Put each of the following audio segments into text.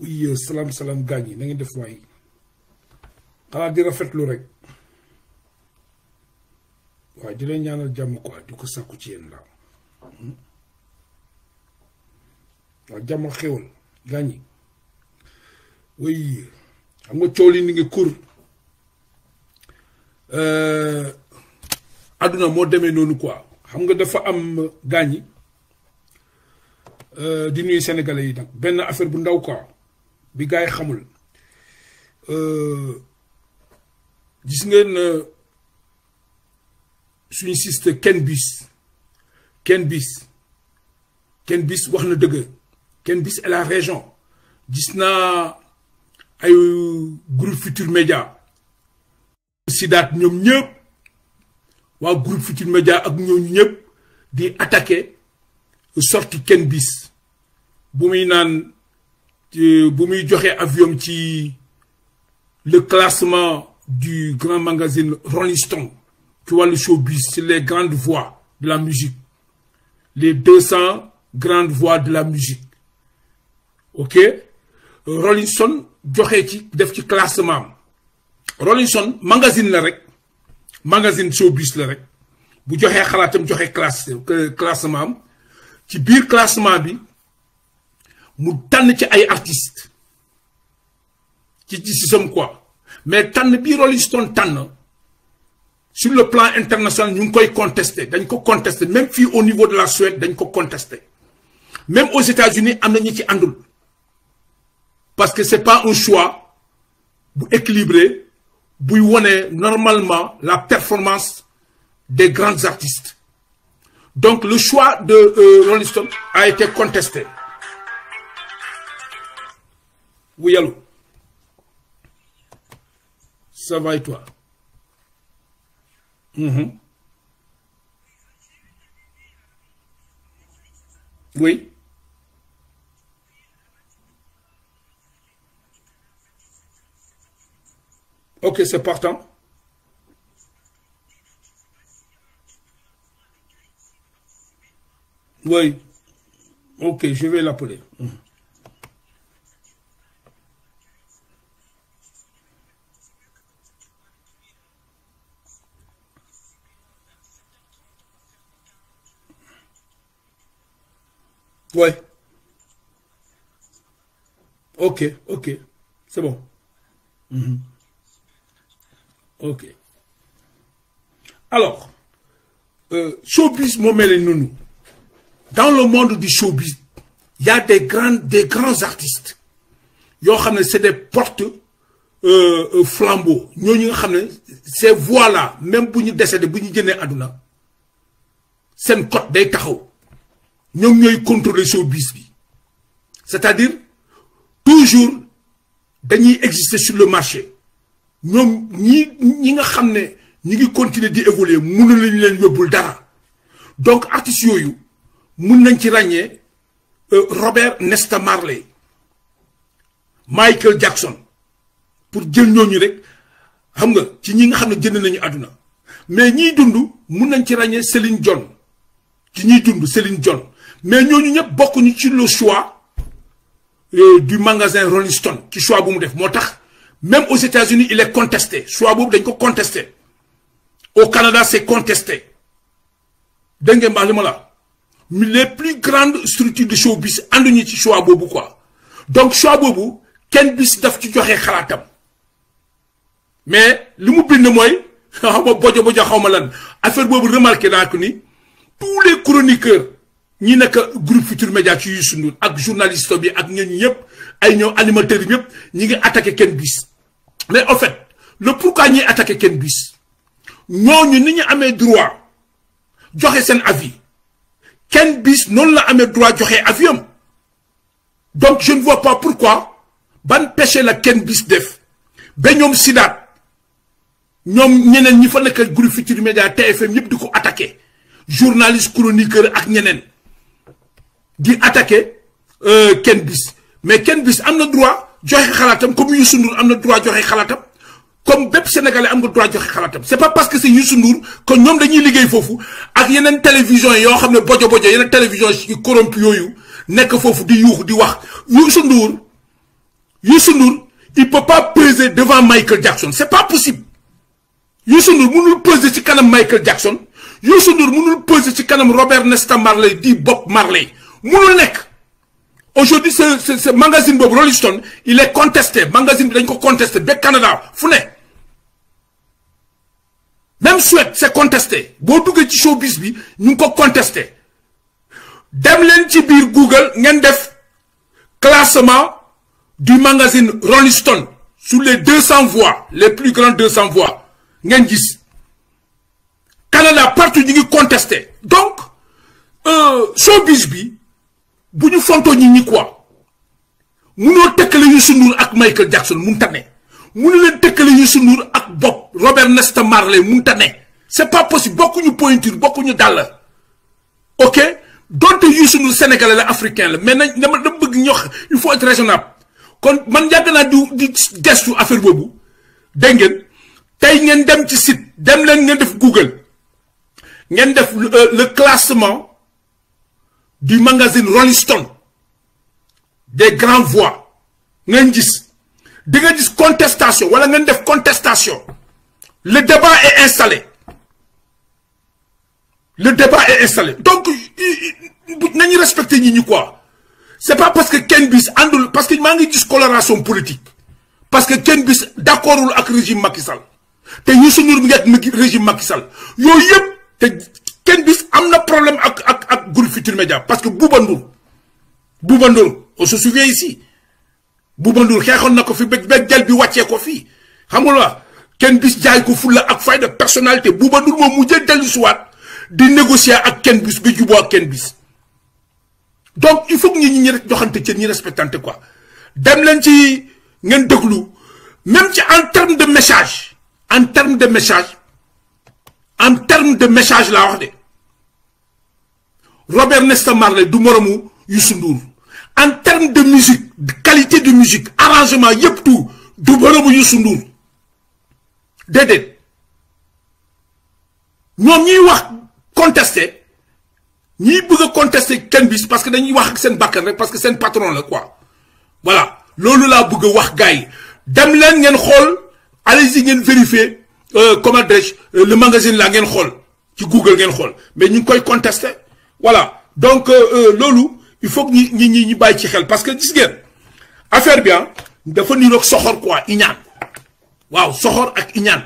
oui salaam salaam gaañ yi na def waay rafetlu rek waaw di leen ñaanal jàmm xam nga coow li ni ngi kur àdduna moo demee noonu quoi xam nga dafa am gaañ yi di nuyu sénégalais yi nag benn affaire bu ndaw quoi. bi gars yi xamul euh, gis ngeen euh, suñu siste kenn bis kenn bis wax na et la région gis a ay groupe Futur Média sidaat ñom ñepp wa groupe Futur Média ak ñoo ñepp di attaquer sorti kenn bis bu muy nane bu muy joxe avion le classement du grand magazine Rolling Stone vois le showbiz c'est les grandes voix de la musique les 200 grandes voix de la musique ok Rolling Stone joxe ci def ci classement Rolling Stone magazine le rek magazine showbiz le rek bu joxee classement joxe classement qui ci classement mu tànn ci ay artistes ci ci somme quoi mais tànn bii Rolling Stone sur le plan international ñu koy contesté même au niveau de la Suède nous ko contesté même aux États-Unis nous avons ñi ci parce que c'est pas un choix équilibré pour woné normalement la performance des grands artistes donc le choix de euh, Rolling Stone a été contesté oui, allo. Ça va et toi mm-hmm. Oui Ok, c'est partant. Oui. Ok, je vais l'appeler. Mm-hmm. Ok, ok. C'est bon. Mhm. Ok. Alors, euh, showbiz, Momel et Nounou. Dans le monde du showbiz, il y a des grands, des grands artistes. C'est des portes euh, euh flambeaux. Ces voix-là, même si nous des de nous sommes c'est une côte des carreaux ñoom ñooy contrôler showbiz bi c'est-à-dire toujours dañuy exister sur le marché ñoom ñi ñi nga xam ne ñi ngi continuer di évoluer mënu lañu leen yóbbul dara donc artistes yooyu mun nañ ci ràññee euh, Robert Nesta Marley Michael Jackson pour jël ñooñu rek xam nga ci ñi nga xam ne jënd nañu àdduna mais ñiy dund mun nañ ci ràññee Céline Dion ci ñiy dund Céline Dion mais nous avons beaucoup ci le choix euh, du magasin Rolling Stone ci choix def même aux États-Unis il est contesté choix contesté au Canada c'est contesté dégg ce les plus grandes structures de showbiz ci choix quoi donc choix bis daf ci mais li bind bojo lan affaire remarqué tous les chroniqueurs ñi nekk groupe Futur Média ci est Ndour ak journaliste bi ak ñooñu ñep ay ñoo animateurs ñep ñi ngi attaqué Ken Bis mais en fait le pourquoi ñuy attaqué Ken Bis ñooñu ni ñu amé droit joxé sen avis Ken Bis non la amé droit joxé avis donc je ne vois pas pourquoi ban péché la Ken Bis def ben ñom sidat ñom ñeneen ñi fa groupe Futur Média TFM ñep diko attaquer journaliste chroniqueur ak ñeneen di Kenbis, euh, Ken mais Kenbis Bis le droit joxe khalatam, comme Youssou Ndour a le droit joxe khalatam, comme Bep sénégalais a le droit joxe khalatam. c'est pas parce que c'est Youssou Ndour que ñoom dañuy liggéey y ak yeneen télévision yoo xam il bojo bojo une télévision yu corrompu yooyu nekk foofu di yuuxu di wax Youssou Ndour Youssou Ndour il peut pas peser devant Michael Jackson c'est pas possible Youssou Ndour pas peser devant Michael Jackson Youssou Ndour pas peser devant Robert Nesta Marley di Bob Marley aujourd'hui ce ce magazine Rolling Stone il est contesté magazine de est contesté ba Canada fu même souhait, c'est contesté Bon tout ci showbiz bi ñu ko contesté dem Google ngeen def classement du magazine Rolling Stone sur les 200 voix les plus grandes 200 voix ngeen Canada partout ñu ngi contesté donc euh, showbiz bi buñu fonto ñi quoi sunur ak Michael Jackson ta ne leen ak Bob Robert Nesta Marley c'est pas possible ñu pointure ñu Beaucoup ok donte Youssou Ndour sénégalais la africain mais dama bëgg ñox il faut être raisonnable kon man nous di gestu affaire bobu dégg ngeen tey dem ci site dem leen def Google ngeen def euh, le classement du magazine Rolling Stone des grands voix ngeen dis contestation voilà contestation le débat est installé le débat est installé donc nous respecter ni quoi c'est pas parce que kenn bis parce qu'il manque de coloration politique parce que Kenbis d'accord avec le régime Makissal. et nous sommes avec régime Makissal. Yo Ken Bis amna un problème ak ak ak groupe Futur Média parce que Bouba Boubandour Bouba Ndour on se souvient ici Bouba Ndour nako fi ba ba jël bi wàccee ko fi xam nga Ken Bis jay ko fulla ak personnalité Bouba mo moom mujjee dellu si di négocier ak Ken Bis ba juboo ak Ken Bis donc il faut que ñi ñi joxante ci ñi respectante quoi dem len ci ngeen deglu même ci en termes de message en termes de message en termes de message la wax Robert Nesta Marley du moromu en termes de musique de qualité de musique arrangement yep tout du moromu Youssou Ndour déedéet contesté. Nous wax contester ñiy bëgg contester parce que dañuy wax ak seen bakkan rek parce que c'est un patron Là, quoi voilà lolo la bëgg a wax gars yi dem allez-y ngeen vérifier euh, comment dirais euh, le magazine la ngeen xool ci Google ngeen mais ñu quoi koy contester voilà donc euh, euh, lolu il faut que ñi ñi ñi ci xel parce que gis ngeen affaire bi ah, dafa niroog soxor quoi iñaan waaw soxor ak iñaan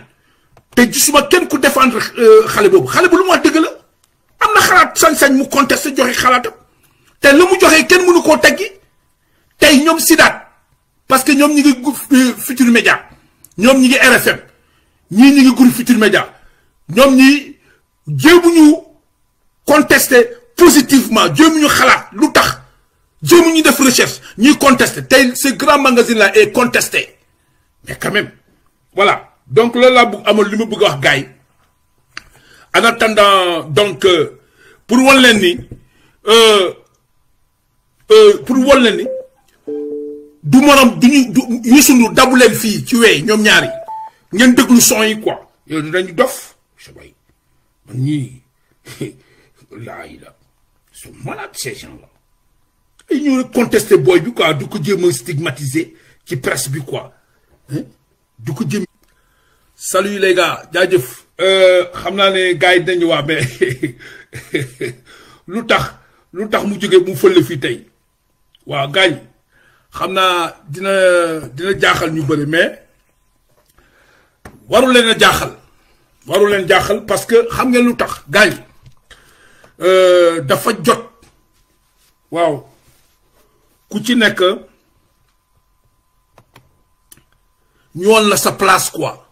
te gisuma kenn ku défendre euh, xalé bobu xalé bu lu mo deug la amna xalat xalaat sañ-sañ mu contesté joxe xalaatam te lu mu joxe kenn mënu ko teggi tay ñom sidat parce que ñom ñi ngi futur média, Médias ñoom ñi ngi RFM ñii ñi ngi groupe Futurs Médias ñoom ñi jéemuñu contester positivement Dieu ñu dit lu tax jéem ñu def recherche ñuy contesté ce grand magazine là est contesté mais quand même voilà donc là là bëgg amal li bëgg en attendant donc euh, pour wan euh, euh, pour wan ni du morom du ñu dabulen fi ci wé ñom ñaari ñen deglu son yi quoi. yooyu dinañu dof sabay man ñii laa sont ces gens-là. Ils nous contestent, boy, du quoi, du coup, Dieu me stigmatisé, qui presse, du quoi. Hein? Du coup, Salut, les gars, je Euh, xamna les je dañu vous mais lutax lutax mu joggé mu wa gañ xamna dina dina vous ñu mais waru vous waru leen jaxal parce que xam ngeen lu tax euh, dafa wow, waaw ku ci que... la sa place quoi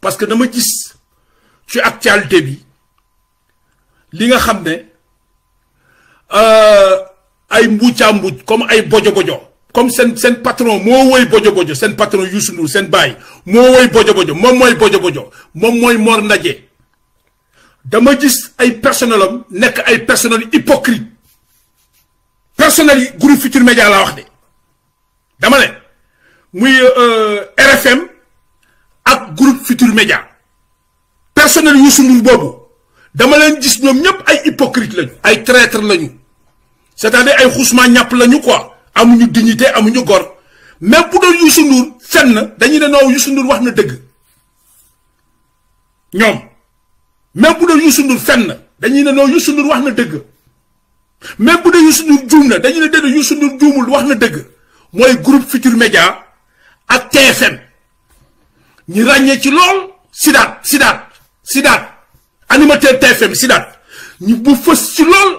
parce que dama me tu actualité bi actuel nga euh, comme bojo bojo comme sen, patron moi woy bojo patron sen moi bojo dama gis ay personnel am nekk ay personnel hypocrite personnel groupe futur media la wax de dama ne muy euh, rfm ak groupe futur media, personnel yu sundul bobu dama len gis ñom ñep ay hypocrite lañu ay traître lañu c'est à dire ay khousma ñap lañu quoi amuñu dignité amuñu gor mais bu do yu ndur fenn dañu ne no yu ndur wax na deug ñom même bu dee Youssou Ndour fenn dañuy ne non Youssou Ndour wax na dëgg même bu dee Youssou Ndour juum na dañuy ne déedéet Youssou Ndour juumul wax na dëgg mooy groupe Futur Média ak TFM ñu ràññee ci lool Sidaat Sidaat Sidaat animateur TFM Sidaat ñu bu fës ci lool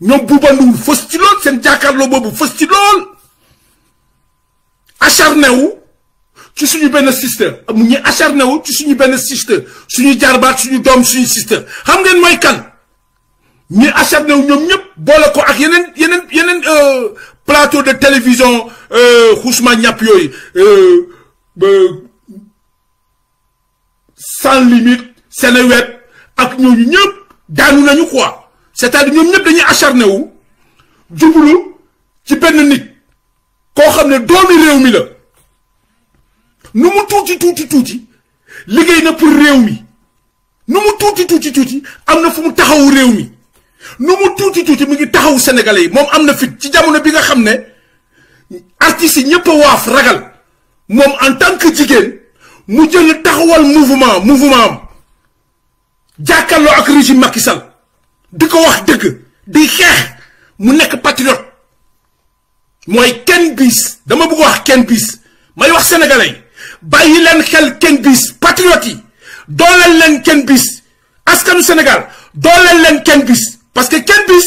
ñoom Bouba Ndour fës ci lool seen jàkkaarloo boobu fës ci lool acharné wu. ci suis une sister acharné wu ci une sister suñu suñu doom sister xam ngeen kan acharné wu ak euh, plateau de télévision es euh, euh, euh sans limite Seneweb web, ñooñu nous daanu nous quoi c'est-à-dire nous ñëpp dañuy acharné wu nous ci benn nit numu tuti tuti tuti, ligay na pour réew mi tuti tuti, tuti tuuti tuuti am taxaw réew mi nu tuti mi ngi taxaw sénégalais mom amna fit ci jamono bi nga xamné artiste ñepp waaf ragal mom en tant que jigen mu jël taxawal mouvement mouvement am jàkkaarloo ak régime Macky Sall diko wax deug di xex mu nek patriote moy ken bis dama bëgg wax ken bis may wax sénégalais bàyyi leen xel Cengiz patriotes yi dooleel leen Cengiz askanu Sénégal dooleel leen kenn Cengiz parce que Cengiz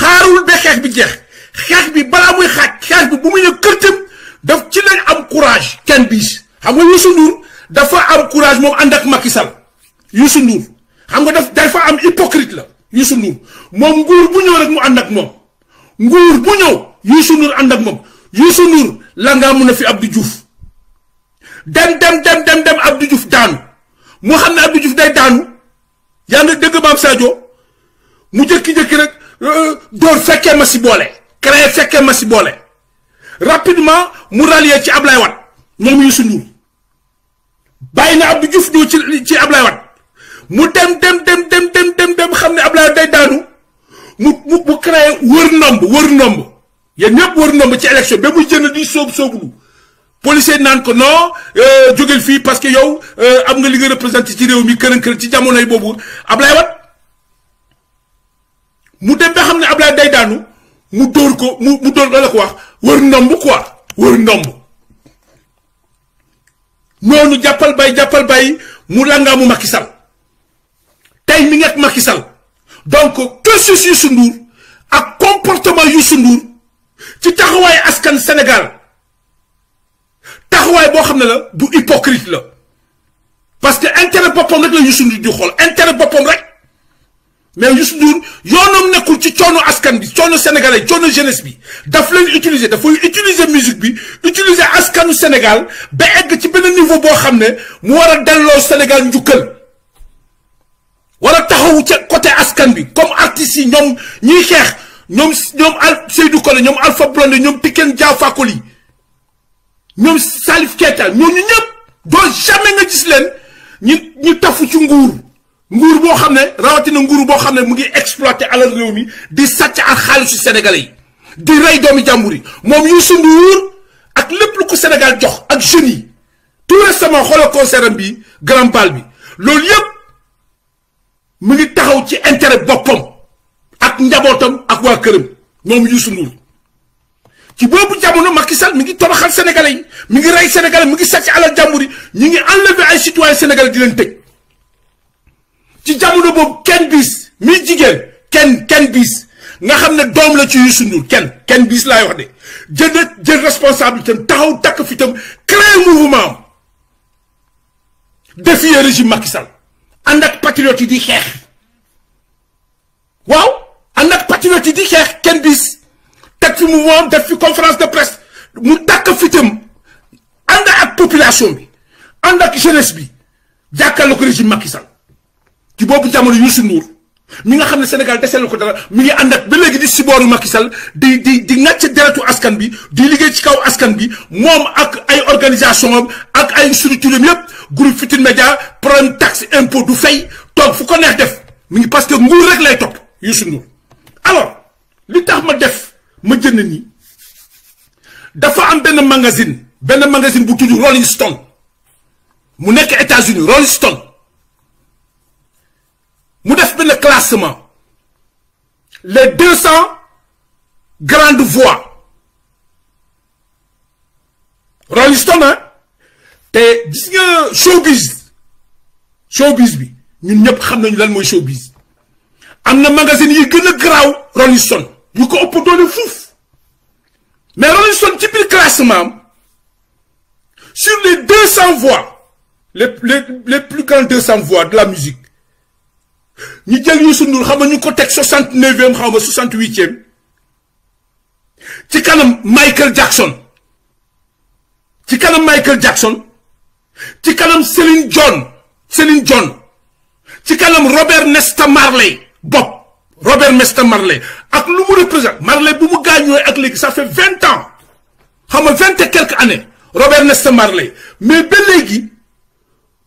xaarul ba xeex bi jeex xeex bi balaa muy xaaj xeex bi bu muy ne kërtim daf ci lañ am courage Cengiz xam nga Youssou Ndour dafa am courage moom ànd ak Macky Sall Youssou xam nga daf dafa am hypocrite la Youssou Ndour moom nguur bu ñëw rek mu ànd ak moom nguur bu ñëw Youssou Ndour ànd ak moom Youssou Ndour la ngaa mun a fi Abdou Diouf dem dem dem dem dem Abdou Diouf daanu mu xam ne Abdou Diouf day daanu yaa nga dëgg maam Sadio mu jëkki-jëkki rek euh, euh, door fekkee ma si boole créé fekkee ma si boole rapidement mu rallier ci ab Wade moom Youssou Ndour bàyyi na Abdou Diouf ñëw ci ci Ablaye Wade mu dem dem dem dem dem dem dem xam ne Ablaye day daanu mu mu mu créé wër ndomb wër ndomb yéen ñëpp wër ndomb ci élection ba muy jënd di soobu soobulu policier naan ko non euh, jógel fii parce que yow euh, am nga li nga ci réew mi këran këran ci jamonoy boobu Ablaye Wade mu dem ba xam ne Ablaye day daanu mu dóor ko mu mu dóor la ko wax wër ndomb quoi wër ndomb noonu jàppal bay jàppal bay mu langaamu Macky Sall tey mi ngi ak Macky Sall donc cursus Youssou Ndour ak comportement Youssou Ndour ci taxawaay askan Sénégal taxway bo la hypocrite parce que intérêt bopom rek la di intérêt rek mais yonom nekkul ci askan bi sénégalais jeunesse bi daf lañ utiliser utiliser musique bi utiliser askanu Sénégal ba egg ci niveau nouveau mu wara Sénégal côté askan comme artistes ñom ñi xex ñom ñom Seydou Alpha Blondy ñom Tiken coli. ñoom Salif Keita ñu ñëpp doo jamais nga gis leen ñu ñu tafu ci nguur nguur boo xam ne rawatina nguur boo xam ne mu ngi exploité alal réew mi di sàcc ak xaalisu sénégalais yi di rey doomi jàmbur yi moom Youssou Ndour ak lépp lu ko Sénégal jox ak jeunes yi tout récemment xoolal concert bi grand bal bi loolu yëpp mu ngi taxaw ci intérêt boppam ak njabootam ak waa këram moom Youssou Ndour ci boobu jamono Macky Sall mi ngi toroxal sénégalais yi mi ngi rey sénégalais mi ngi sàcc alal jàmbur yi ñu ngi enlever ay citoyens sénégalais di leen ci jamono boobu kenn bis mi jigéen kenn kenn bis nga xam ne doom la ci Youssou kenn kenn biis laay wax de jël jël responsabilité taxaw takk fi itam créer mouvement am défier régime Macky Sall ànd di xeex waaw ànd ak di xeex kenn bis. teg fi mu woon def fi conférence de presse nous takk fitam ànd ak population bi la ak jeunesse bi jàkkaarloo le régime Macky Sall ci boobu jamono Nour. Ndour mi nga xam ne Sénégal deseel na ko dara mi ngi ànd ak ba léegi di sibooru Macky Sall di di di ŋàcc deretu askan bi di liggéey ci kaw askan bi moom ak ay organisation ak ay structure yëpp groupe Futurs média, problème taxe impôt du fay top, fu ko neex def mi ngi parce que nguur rek lay topp Youssou alors li tax ma def ma jënd nii dafa am un magazine un magazine bu tudd Rolling Stone mu nek États-Unis Rolling Stone mu def un classement les 200 grandes voix Rolling Stone ah te showbiz showbiz bi ñun ñep xam nañu lan moy showbiz dans magazine yi est a Rolling Stone nous avons pour donner fouf. Mais on ils un petit peu classement. Sur les 200 voix, les, les, les plus grandes 200 voix de la musique, nous avons nous contexte 69 avons 68 e Tu e sommes Michael Jackson. calme Michael Jackson. calme Céline John. Céline John. es Robert Nesta Marley. Bob. Robert Nesta Marley ak lu mu représente Marley bu mu gaañoo ak ça fait 20 ans xam nga vingt et quelques années Robert Mesta Marley mais ba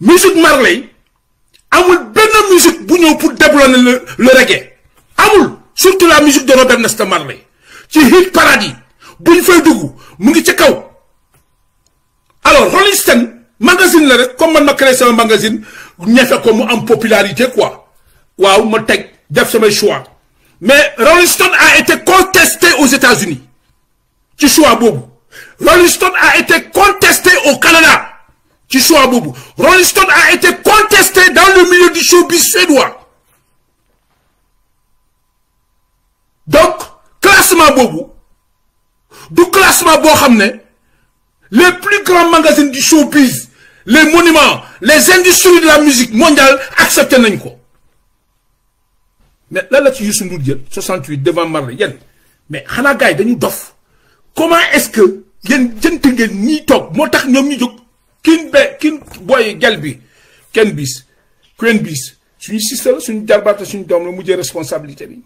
musique Marley amul benn musique bu musique pour développer le reggae surtout la musique de Robert Nesta Marley ci hit paradis buñ y a mu ngi ci alors Rolling Stone magazine comment comme je ma créé magazine il ko mu am popularité quoi waaw ma choix mais Rolling Stone a été contesté aux États-Unis Tu choix Bobo. Rolling Stone a été contesté au Canada Tu choix Bobo. Rolling Stone a été contesté dans le milieu du showbiz suédois donc classement Bobo du classement Bobo xam les plus grands magazines du showbiz les monuments les industries de la musique mondiale Acceptent quoi mais là tu ci Youssou 68 devant Marley mais xanaa comment est-ce que tu jënt ngeen ñiy toog moo tax ñu jóg kin be kin galbi, ken bis bis Tu là suñu suñu doom responsabilité bi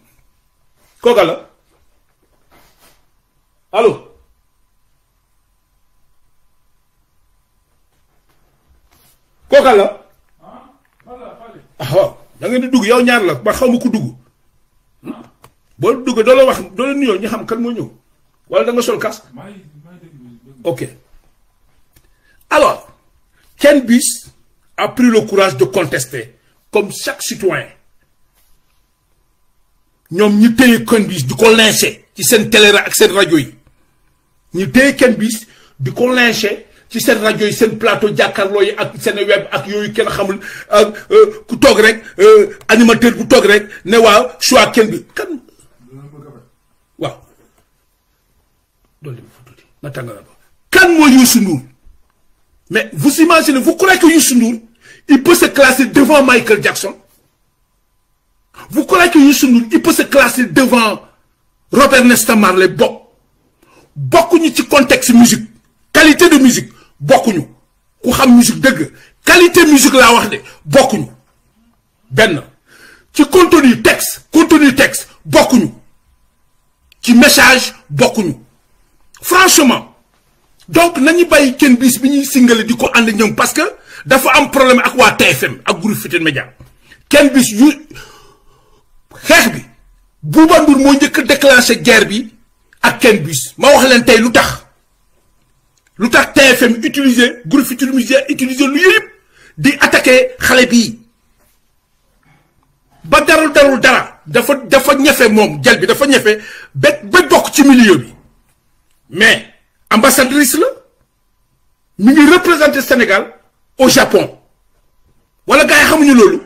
ah, ah da ngeen di dugg yow ñaar la ba xaw ma ku dugg bo dugg do la wax do la nuyoo ñu xam kan mo ñëw wala da nga sol kas ok alors Ken Bis a pris le courage de contester comme chaque citoyen ñom ñu téye Ken Bis di ko lyncher ci sen télé ak sen radio yi ñu téye Ken Bis di ko lyncher ci seen radio c'est un plateau jàkkaarloo Loy, ak seen web ak yoyu ken xamul ak euh, ku tok rek euh, animateur bu tok rek ne waaw choix ken bi kan. waaw. loolu la fa tuuti na ba kan mo Youssou Ndour mais vous imaginez vous croyez que Youssou Ndour il peut se classer devant Michael Jackson vous croyez que Youssou Ndour il peut se classer devant Robert Nesta Marley bokk bokkuñu ci contexte musique qualité de musique bokkuñu ku xam musique deug qualité musique la wax de bokkuñu ben ci contenu texte contenu texte bokkuñu ci message bokkuñu franchement donc nañu bàyyi ken bis bi singalé diko di ñom parce que dafa am problème ak wa TFM ak groupe fitin media ken bis yu xex bi bu bandur mo ñëk déclencher guerre bi ak ken bis ma wax leen tay lutax lu tax TFM utiliser Groupe Futurs Médias utiliser lu yëpp di attaquer xale bii ba darul dara dafa dafa ñafé mom, jël bi dafa ñafé, ba ba bokk ci milieu bi mais ambassadrice la mi ngi représenter Sénégal au Japon wala gaay yi xamuñu lolu.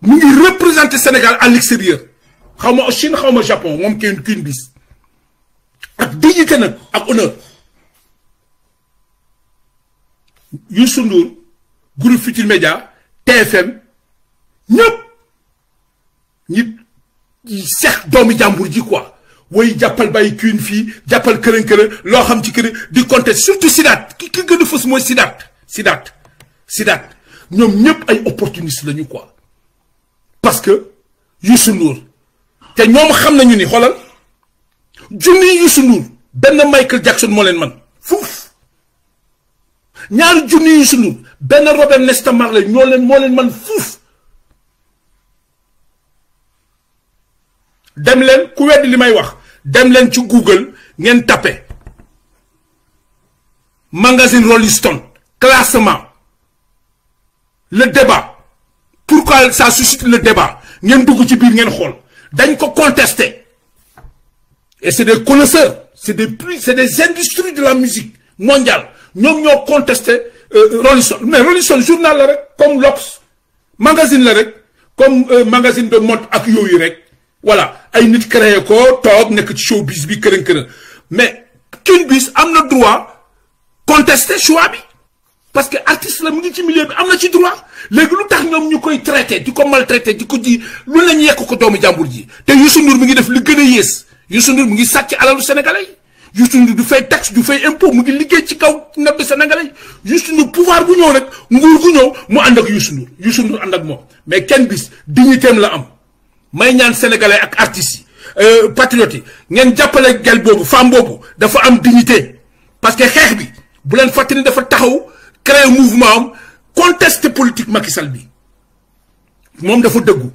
mu ngi représenter Sénégal à l'extérieur Xawma ma Chine xaw Japon mom kenn kiin bis ak dignité nag ak honneur Youssou Ndour groupe futur Médias TFM ñep ñi seex doomu jambour ji quoi way jàppal bàyyi kiin fi jàppal këran këran lo xam ci këran di compter surtout Sidaat ki ki gën a fës mooy Sidaat Sidaat Sidaat ñoom ay opportuniste lañu quoi parce que Youssou Ndour té ñom xam nañu ni xolal junni Youssou Ben Michael Jackson mo len man Fouf. Ñaar junni Robert Nesta Marley ñoo len mo len man fouf. dem len ku weddi li may wax dem len ci Google ngeen tappe magazine Rolling Stone classement le débat pourquoi ça suscite le débat ngeen dugg ci biir ngeen xool dañ ko contester et c'est des connaisseurs, c'est des, c'est des industries de la musique mondiale. nous ñoo contesté euh, Rolling Stone mais Rolling Stone journal la rek comme l'ops magazine la rek comme euh, magazine de mode ak yooyu rek voilà ay nit créé ko toog nekk ci showbiz bi kërën kërën mais qu'une Biz a na droit contester choix parce que artiste la mu ngi ci milieu bi am ci droit léegi lu tax ñoom ñu koy traité di maltraité di ko dit lu la ñu yekk ko doomu jàmbur ji te Youssou Ndour mi ngi def li Youssou Ndour mu ngi sàcc alalu sénégalais yi Youssou Ndour du fay taxe du fay impôt mu ngi liggéey ci kaw ndab sénégalais juste Youssou pouvoir bu ñëw nag nguur gu ñëw mu and ak Youssou Ndour Youssou Ndour ànd ak moom mais ken bis dignité la am may ñaan sénégalais ak artistes euh patriotes ngeen jappalé gel bobu, femme bobu dafa am dignité parce que xex bi bu len fatine dafa taxaw créer mouvement am conteste politique Macky Sall bi Mom dafa dëggu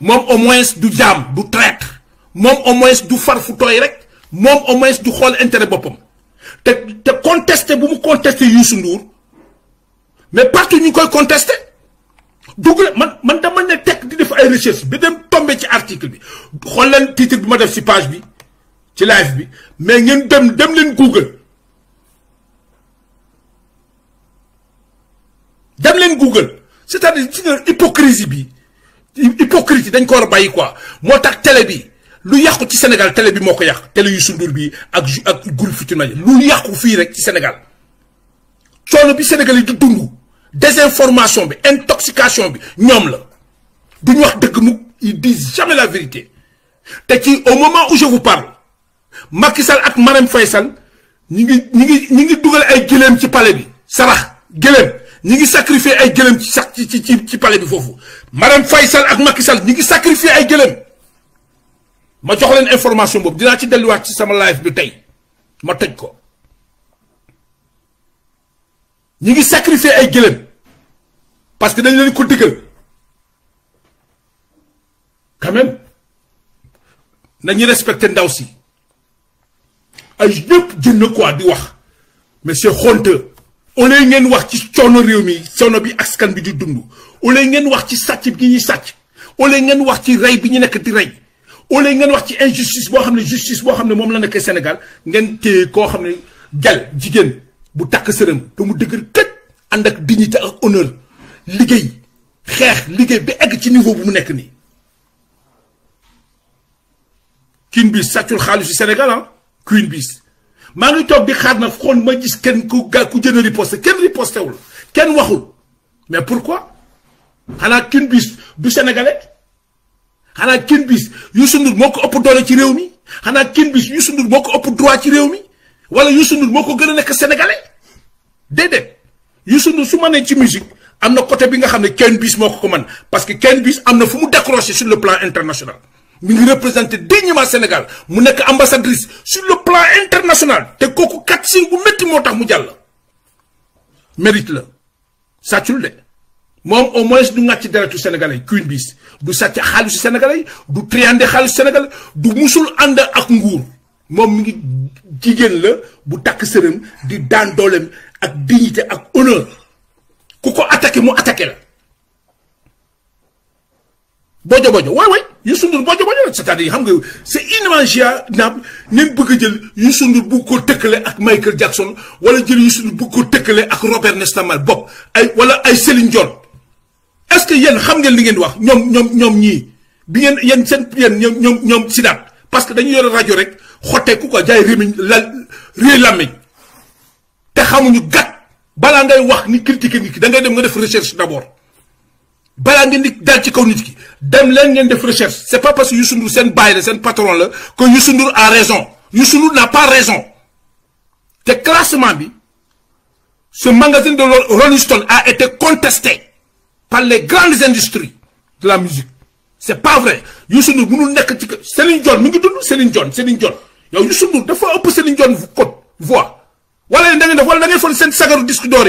Mom au moins du jam, du traître mom au moins du far fu tooy rek mom au moins du xool intérêt bopam te te contester bu mu contesté Youssou Ndour mais partout ñu koy contesté dugg man man dama ne tek di def ay recherche bi dem tomber ci article bi xool len titre bi ma def ci page bi ci live bi mais ngeen dem dem len Google dem len Google c'est-à-dire ci hypocrisie bi hypocrisie, dañ ko war quoi moo télé bi lu yàqu ci Sénégal télé bi moko ko yàq télé yu sundur bi ak ak groupe Futurs nañ lu yàqu fi rek ci Sénégal coono bi Sénégal yi di dund désinformation bi intoxication bi ñom la duñu wax dëgg mu ils disent jamais la vérité te ci au moment où je vous parle Macky Sall ak Marème Faye ñi ngi ñi ngi ñi ngi ay gëléem ci palais bi sarax gëléem ñi ngi sacrifier ay gëléem ci ci ci ci palais bi fofu Marème Faisal ak Macky Sall ñi ngi sacrifier ay gëléem ma jox une information bob, dina ci wat ci sama live bi tay ma tej ko ñi ngi sacrifier ay parce que dañ leen ko digal quand même nañu respecter ndaw ay quoi di wax mais c'est honteux au lieu ngeen wax ci mi bi askan bi di dund on lay ngeen wax ci satch bi ñi satch on lay ngeen wax ci bi où ngeen wax ci injustice bo xamné justice bo xamné mom la nekkee Sénégal ngeen téye ko xamné ne jal bu une sërëm do mu dëgër këj and ak dignité ak honneur liggéey xeex liggéey ba ci niveau bu mu nek ni, Queen Biz sàccul xaalis Sénégal hein Queen Biz maa ngi di xaar une ma gis ken ku ga ku riposte une riposte wul ken waxul mais pourquoi ala Queen du sénégalais. xanaa kenn bis yu Ndour moo ko ëpp doole ci réew mi xanaa kenn bis Youssou Ndour moo ko ëpp droit ci réew mi wala Youssou Ndour moo ko gën a nekk sénégalais déedéet yu Ndour su ma nee ci musique am na côté bi nga xam ne kenn bis moo ko ko man parce que kenn bis am na fu mu décroché sur le plan international mi ngi représenté dignement Sénégal mu nekk ambassadrice sur le plan international te kooku kat sin bu métti moo tax mu jàll mérite la sàccul de moom au moins du ngàcc deretu sénégalais Queen Biz du sàcc xaalisu sénégalais du triande xaalisu sénégalais du musul ànd ak nguur moom mi ngi jigéen la bu takk sërëm di daan ak dignité ak honneur ku ko attaqué mu attaqué la bojo bojo waay waay Youssou Ndour bojo bojo la c'est-à-dire xam nga c'est inimaginable ngeen bëgg a jël Youssou Ndour bu ko tëkkale ak Michael Jackson wala jël Youssou Ndour bu ko tëkkale ak Robert Nesta Male ay wala ay Céline Dion est-ce que yéen xam ngeen li ngeen wax bi parce que dañu radio rek ku ko jay la gat ils ngay wax ni critique nit da ngay dem nga def recherche d'abord bala ngeen dal ci kaw dem c'est pas parce que Youssou Ndour la patron que Youssou Ndour a raison n'a pas raison classement ce magazine de Rolling Stone a été contesté les grandes industries de la musique c'est pas vrai Youssou Ndour nous ci Céline John Nous dund Céline nous Céline Youssou Ndour Céline vous voix wala da def wala da disque d'or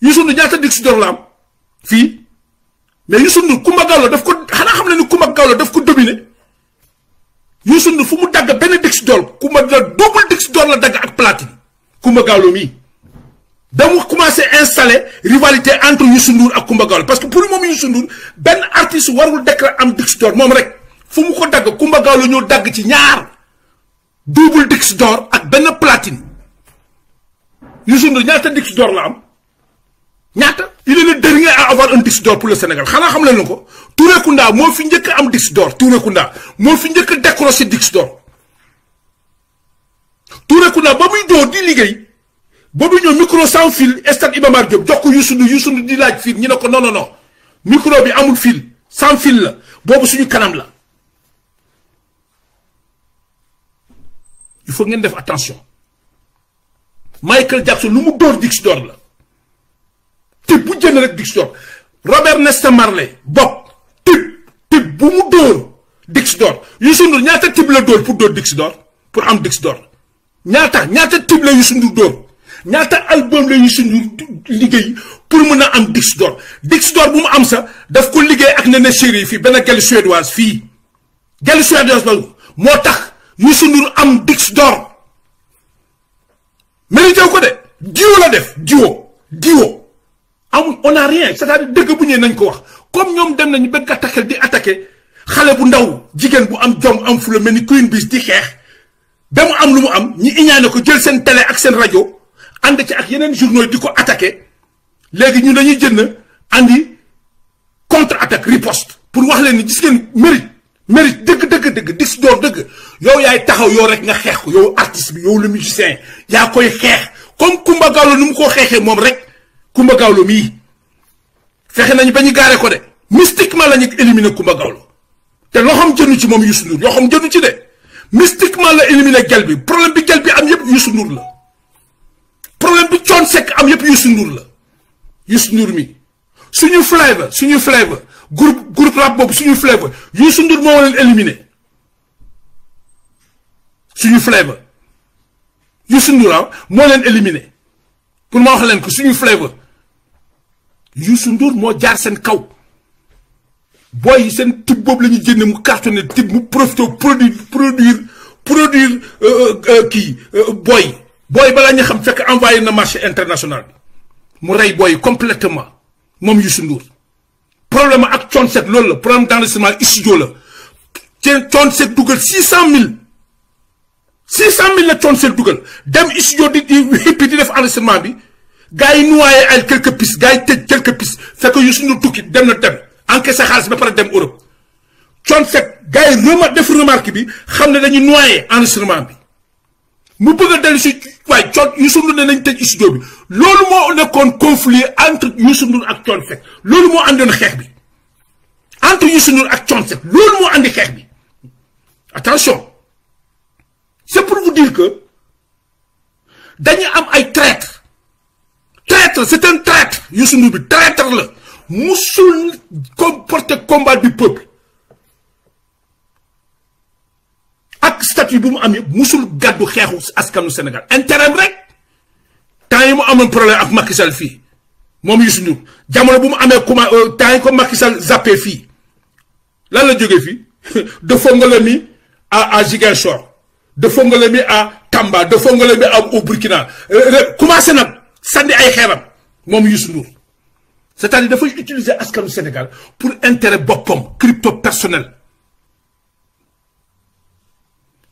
Youssou disque d'or la fille mais Youssou Ndour nous daf ko xam nous ni daf ko dominer Youssou Ndour disque d'or double disque d'or la platine damu commencé installer rivalité entre Youssou Ndour ak Coumba parce que pour moom Youssou Ndour ben artiste warul déclaré am disque d'or moom rek fu mu ko dagg Kumba Gawlo ñoo dagg ci ñaar double disque d'or ak ben, platine Youssou Ndour ñaata disque d'or la am ñaata. il est le dernier à avoir un disque d'or pour le Sénégal xanaa xam leen ko Touré Kunda moo fi njëkk am disque d'or Touré Kunda moo fi njëkk a décroché disque d'or Touré Kunda ba muy do, di bobu ñu micro sans fil stade ibamar Diop jox ko yusunu yusunu di laaj fil ñu ne ko non non non micro bi amul fil sans fil la bobu suñu kanam la il faut ngeen def attention Michael Jackson lu mu dóor Dix d'or la te bu jënd rek Dix d'or Robert Nesta Marley bopp tib tib bu mu dóor Dix d'or yusunu ñaata tib la dóor pour dóor Dix d'or pour am Dix d'or ñaata ñaata tib la yusunu Ndour ñaata album la Youssou Ndour liggéey pour mën a am disque d'or disque bu mu am sax daf ko liggéey ak Nene Chéri fii benn gelu suédoise fii gelu suédoise la moo tax Youssou Ndour am disque d'or mérité ko de duo la def duo duo am on a rien c'est-à-dire dëgg bu ñëwee nañ ko wax comme ñoom dem nañu benn attaqué di attaqué xale bu ndaw jigéen bu am jom am fula mel ni Queen Biz di xeex ba mu am lu mu am ñi iñaane ko jël seen télé ak seen rajo ànd ci ak yeneen journaux di ko attaqué léegi ñun dañuy jënd andi contre attaque riposte pour wax leen ni gis ngeen mérite mérite dëgg dëgg dëgg dis door dëgg yow yaay taxaw yow rek nga xeex yow artiste bi yow le musicien yaa koy xeex comme Kumba Gawlo nu mu koo xeexee moom rek Kumba Gawlo mii fexe nañu ba ñu gaaree ko de mystiquement la ñu éliminé Kumba Gawlo te loxoom jënu ci moom yu Youssou Ndour loxoom jënu ci de mystiquement la éliminé gel bi problème bi gel bi yëpp Youssou Ndour la. problème bi coon sekk am yëpp Youssou Ndour la Youssou Ndour mi suñu fleuve suñu fleuve groupe groupe rap boobu suñu fleuve Youssou Ndour moo leen éliminé suñu fleuve Youssou Ndour ah moo leen éliminé pour ma wax leen ko suñu fleuve Youssou Ndour moo jaar seen kaw booy seen tib boobu lañu ñu jënd mu cartonné tib mu profité produire produire produire euh, euh, kii euh, booy boy bala ñu xam fekk envoyer na marché international mu ray boy complètement mom yusuf ndour problème ak tionset lool la problème d'enregistrement ici jo la Google, 600 000 600 000 la tionset Google. dem ici jo di hippi di def enregistrement bi gars noyé ay quelques pistes gars tej quelques pistes fekk yusuf ndour tukki dem na dem encaisser xaliss ba paré dem europe tionset gars yi def remarque bi xamne dañuy noyé enregistrement bi mu bëgg dal ci way waaye coon Youssou Ndour ne nañ studio bi lolu mo nekkoon conflit entre Youssou Ndour ak Thione Seck loolu moo àndoon xeex bi entre Youssou Ndour ak Thione Seck loolu moo àndi xeex bi attention c'est pour vous dire que dañu am ay traître traître c'est un traître Youssou Ndour bi traître la musul comporter combat du peuple ak statut bu mu amé musul gaddu xeexu askanu Sénégal intérêt rek temps yi mu amoon problème ak Macky Sall fi mom Youssou Ndour jamono bu mu amé kuma euh, temps ko Macky Sall zappé fi lan la jógee fi de Fongolemi à à Ziguinchor de Fongolemi à Tamba de Fongolemi à au Burkina euh, commencé nak sandi ay xeeram mom Youssou Ndour c'est-à-dire dafay utiliser askanu Sénégal pour intérêt bopom crypto personnel.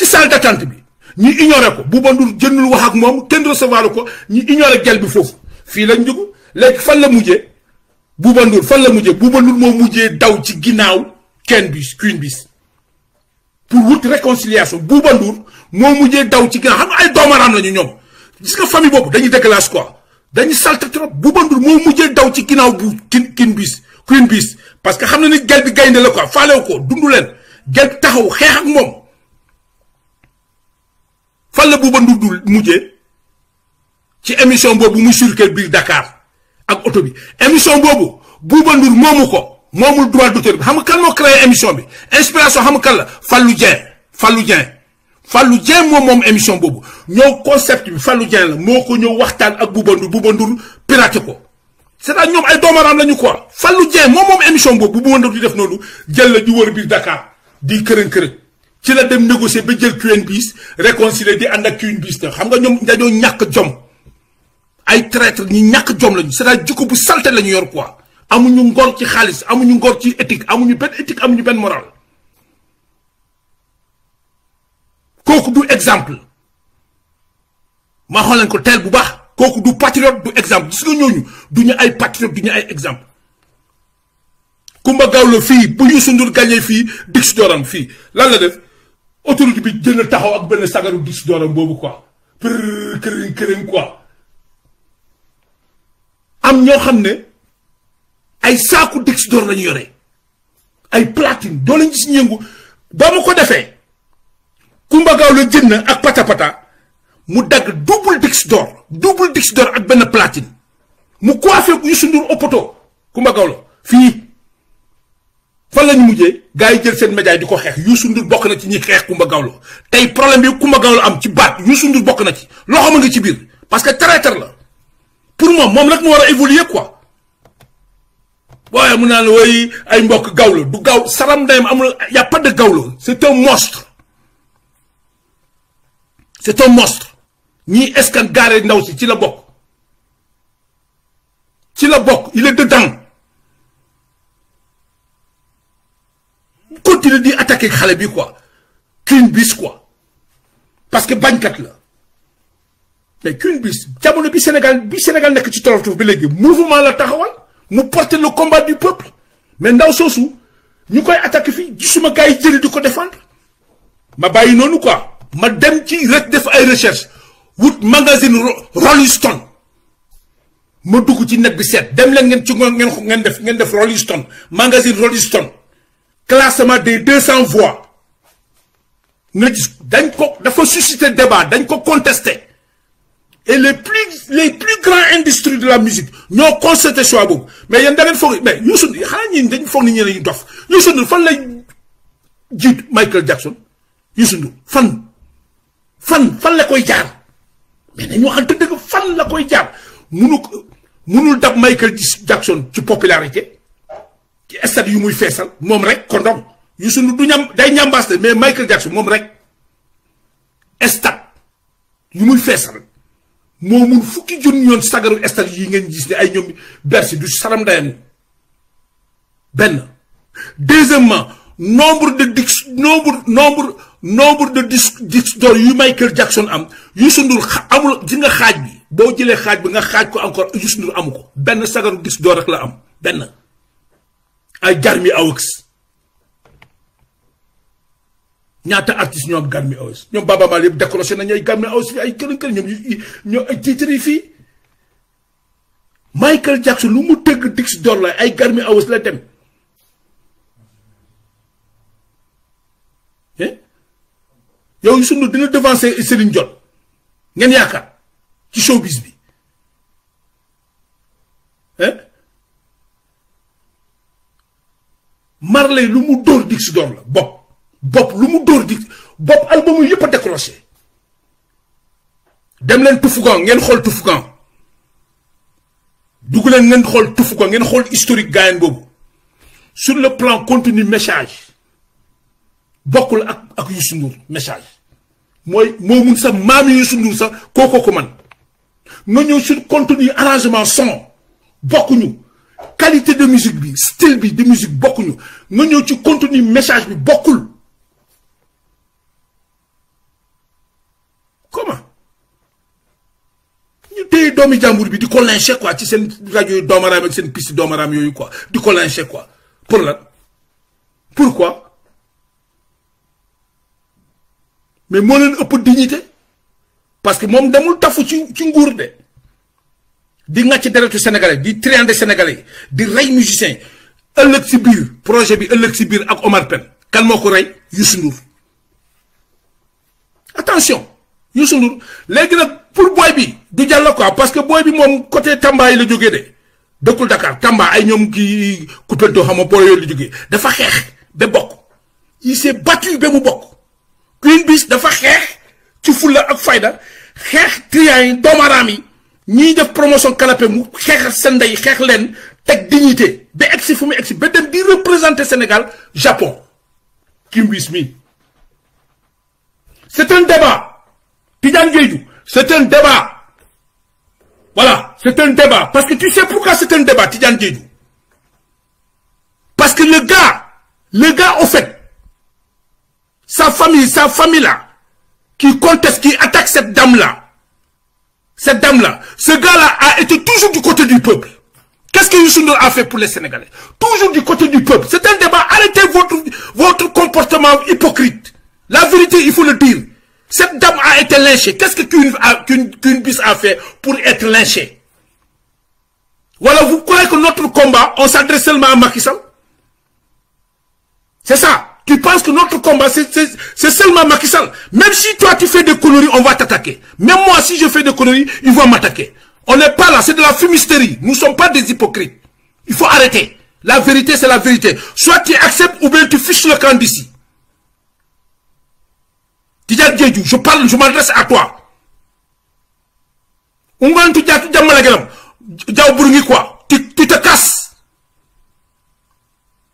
ci salle bi ñu ignoré ko bu bandul jëndul wax ak moom kenn recevoir ko ñu ignoré gel bi foofu fii lañ jógu lekk fan la mujjee bu fan la mujjee bu bandul moo mujjee daw ci ginnaaw kenn bis queen bis pour wut réconciliation bu bandur moo mujjee daw ci ginnaaw xam nga ay doomaraam lañu ñoom gis nga famille boobu dañuy déclenche quoi dañuy salte trop bu bandur moo mujjee daw ci ginnaaw bu kin kin bis queen bis parce que xam na ni gel bi gaynde la ko faalew ko dundu leen gel bi taxaw xeex ak moom fan la Bouba Ndour dul mujjee ci émission boobu mu circulé biir dakaar ak oto bi émission boobu Bouba Ndour moomu ko moomul droit d'auteur bi xam nga kan moo créé émission bi inspiration xam nga fallu la Fallou Dieng Fallou Dieng Fallou Dieng moom moom émission boobu ñoo concept fallu Fallou la moo ko ñëw waxtaan ak Bouba Ndour Bouba Ndour piraté ko cest à ñoom ay doomaram lañu quoi Fallou Dieng moom moom émission boobu bu Bouba Ndour di def noonu jël la di wër biir Dakar di kërën kërën ci la dem négocier ba jël QNBis réconcilier di and ak QNBis te xam nga ñom dañoo ñak jom ay traître ñi ñak jom lañu cest la dire jikko bu salté lañu yor quoi amuñu ngor ci xaalis amuñu ngor ci éthique amuñu benn éthique amuñu benn moral koku du exemple ma xol leen ko tel bu baax koku du patriote du exemple gis nga ñooñu du ñu ay patriote du ñu ay exemple Kumba Gawlo fi bu Youssou Ndour gagné fi Dix Doram fi lan la def. autorité bi jënd taxaw ak benn sagaru dus dooram boobu quoi për këriñ këriñ ko am ñoo xam ne ay saaku dix lañu yore ay platine doo lañ gis ñëngu ba mu ko defee Kumba Gaaw la jënd ak patapata mu dagg double dix door double dix door ak benn platine mu ko Youssou Ndour au poteau Kumba fii fa lañ mujjé gaay jël seen média diko xex ko xeex Youssou bokk na ci ñi xex Kumba Gawlo tay problème bi Kumba Gawlo am ci baat Youssou Ndour bokk na ci loxo ma nga ci bir parce que traiteur la pour moi mom nag mo wara évoluer quoi waaye mu naan wooy ay mbokk Gawlo du gaw saram ndeyam amul y a pas de Gawlo c'est un monstre c'est un monstre ñii escan garé ndaw ci ci la bokk ci la bokk il est dedans continue dit attaquer quoi quoi parce que Bangkat là, mais Queen bis. bi Sénégal bi Sénégal que tu te retrouves, le mouvement la taxawal nous porter le combat du peuple mais ce sou, nous attaquer défendre ma quoi ma dem ci recherche magazine Rolling Stone ma dugg ci magazine Rolling classement des 200 voix Il faut susciter le débat il contester et les plus les plus grands industries de la musique ñoo constaté choix il mais yéen a des mais ils ont dañ ils ni fait des dof Nous fan lay Michael Jackson sommes fan fan la mais nous waxante fan la koy jaar Michael Jackson ci popularité ci stade yu muy fessal mom rek kon donc Youssou Ndour du ñam day ñambaas de mais Michael Jackson mom rek stade yu muy fessal momul fukki jun ñoon sagaru stade yi ngeen gis ni ay ñom bercy du saram dayam ben deuxièmement nombre de dix nombre nombre nombre de dis dix d'or yu Michael Jackson am yu sunu amul ji nga xaj bi bo jëlee xaj bi nga xaj ko encore yu sunu amuko ben sagaru dix d'or rek la am Ben ay garmi awx ñata artiste ñom garmi awx ñom baba mal yeb décrocher na ay garmi awx ay kërën kërën ñom ñoo ay titre fi michael jackson lu mu teug dix dollar ay garmi awx la dem eh? yow yu sunu dina devancer serigne jot ngeen yaakaar ci showbiz bi hein eh? Marley lu mu dóor dig la bop bop lu mu album a décroché dem len Tufugan ngeen xol historique sur le plan contenu message bokkul ak ak message moy mo mun sa maami Youssou le sa koko ko man sur contenu arrangement son qualité de musique bi style bi de musique Nous nga ñëw ci contenu message bi beaucoup. comment ñu téye doomi jàmbur bi di quoi ci nous ak une piste quoi di nous quoi pour la, pourquoi mais dignité parce que moi demul tafu ci di ŋàcc deretu sénégalais di de sénégalais di ray musicien ëllëg ci biir projet bi Omar PEN kan moko ray attention Youssou Ndour les pour Boybi bi du parce que Boybi bi côté Tamba il la joué de le Dakar Tamba ay ñom ki Koupentoum xam xama boole la dafa xex be il s'est battu be mu bokk Queen bis dafa xex ci fulla ak fayda xex yi ni de promotion canapé mu xeex dignité Be exi fu exi egsi dem di représenter Sénégal Japon Kim Wis c'est un débat Tidiane Diédhiou c'est un débat voilà c'est un débat parce que tu sais pourquoi c'est un débat Tidiane Diédhiou parce que le gars le gars au fait sa famille sa famille là qui conteste qui attaque cette dame là cette dame-là, ce gars-là a été toujours du côté du peuple. Qu'est-ce que Youssou a fait pour les Sénégalais Toujours du côté du peuple. C'est un débat. Arrêtez votre, votre comportement hypocrite. La vérité, il faut le dire. Cette dame a été lynchée. Qu'est-ce que qu'une qu a fait pour être lynchée Voilà, vous croyez que notre combat, on s'adresse seulement à Macky C'est ça. Tu penses que notre combat, c'est seulement Macky Même si toi, tu fais des conneries, on va t'attaquer. Même moi, si je fais des conneries, ils vont m'attaquer. On n'est pas là, c'est de la fumisterie. Nous ne sommes pas des hypocrites. Il faut arrêter. La vérité, c'est la vérité. Soit tu acceptes ou bien tu fiches le camp d'ici. je parle, je m'adresse à toi. Tu te casses.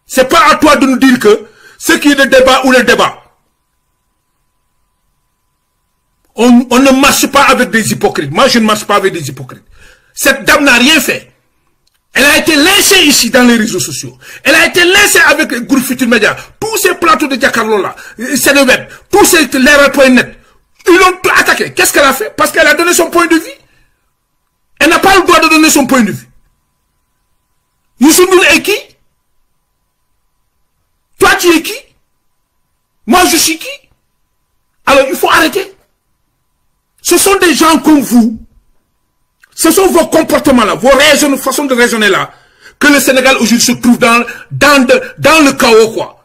C'est pas à toi de nous dire que ce qui est le débat ou le débat. On, ne marche pas avec des hypocrites. Moi, je ne marche pas avec des hypocrites. Cette dame n'a rien fait. Elle a été laissée ici dans les réseaux sociaux. Elle a été laissée avec le groupe Futur Média. Tous ces plateaux de Diakarlo là, c'est euh, le web, tous ces net. ils l'ont attaqué. Qu'est-ce qu'elle a fait Parce qu'elle a donné son point de vue. Elle n'a pas le droit de donner son point de vue. nous et qui toi, tu es qui Moi, je suis qui Alors, il faut arrêter. Ce sont des gens comme vous. Ce sont vos comportements-là, vos raisons, façon de raisonner-là, que le Sénégal aujourd'hui se trouve dans, dans, dans le chaos, quoi.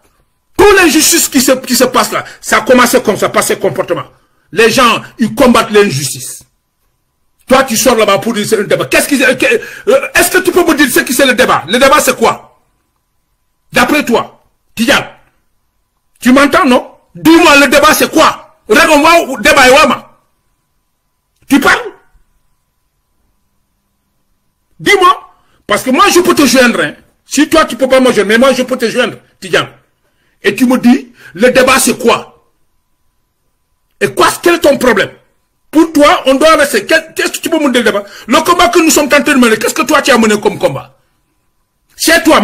Pour l'injustice qui se, qui se passe là, ça a commencé comme ça, par ces comportements. Les gens, ils combattent l'injustice. Toi, tu sors là-bas pour dire c'est un débat. Qu'est-ce euh, euh, est-ce que tu peux me dire ce qui c'est le débat Le débat, c'est quoi D'après toi tu m'entends, non Dis-moi le débat, c'est quoi débat Tu parles Dis-moi, parce que moi, je peux te joindre. Hein. Si toi, tu peux pas me joindre, mais moi, je peux te joindre, Tidjane. Et tu me dis, le débat, c'est quoi Et quoi, quel est ton problème Pour toi, on doit rester. Qu'est-ce que tu peux me dire le débat Le combat que nous sommes tentés de mener, qu'est-ce que toi, tu as mené comme combat C'est toi,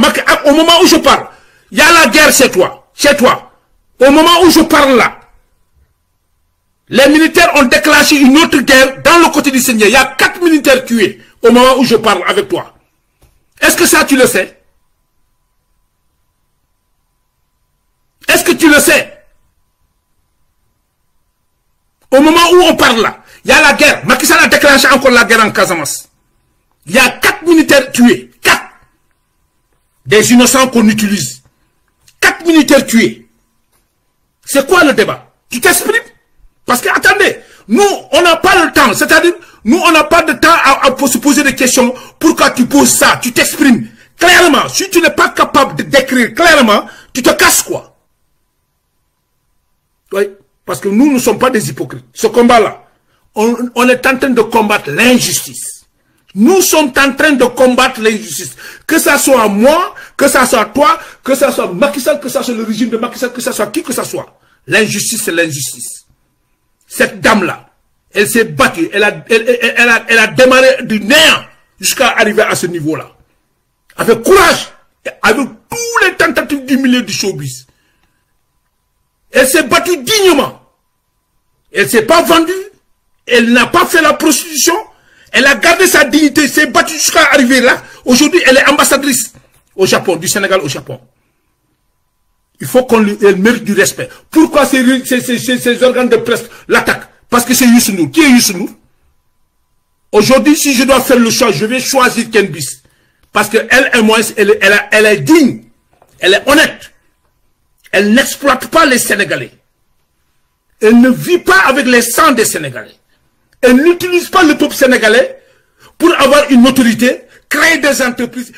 au moment où je parle, il y a la guerre chez toi. Chez toi. Au moment où je parle là, les militaires ont déclenché une autre guerre dans le côté du Seigneur. Il y a quatre militaires tués au moment où je parle avec toi. Est-ce que ça, tu le sais Est-ce que tu le sais Au moment où on parle là, il y a la guerre. Macky Sall a déclenché encore la guerre en Casamance. Il y a quatre militaires tués. Quatre. Des innocents qu'on utilise militaire tué C'est quoi le débat Tu t'exprimes Parce que, attendez, nous, on n'a pas le temps. C'est-à-dire, nous, on n'a pas de temps à, se poser des questions. Pourquoi tu poses ça Tu t'exprimes clairement. Si tu n'es pas capable de décrire clairement, tu te casses quoi parce que nous ne sommes pas des hypocrites. Ce combat-là, on, est en train de combattre l'injustice. Nous sommes en train de combattre l'injustice. Que ça soit à moi, que ça soit toi, que ça soit Macky Sall, que ça soit le régime de Macky Sall, que ça soit qui que ça soit. L'injustice, c'est l'injustice. Cette dame-là, elle s'est battue, elle a, elle, elle, elle, a, elle a démarré du néant jusqu'à arriver à ce niveau-là. Avec courage, avec tous les tentatives du milieu du showbiz. Elle s'est battue dignement. Elle s'est pas vendue. Elle n'a pas fait la prostitution. Elle a gardé sa dignité, s'est battue jusqu'à arriver là. Aujourd'hui, elle est ambassadrice au Japon, du Sénégal au Japon. Il faut qu'on lui mérite du respect. Pourquoi ces, ces, ces, ces organes de presse l'attaquent Parce que c'est Youssou Qui est Youssou Aujourd'hui, si je dois faire le choix, je vais choisir Kenbis. Parce qu'elle est moins, elle, elle, elle, est digne. Elle est honnête. Elle n'exploite pas les Sénégalais. Elle ne vit pas avec les sangs des Sénégalais. Elle n'utilise pas le peuple sénégalais pour avoir une autorité, créer des entreprises,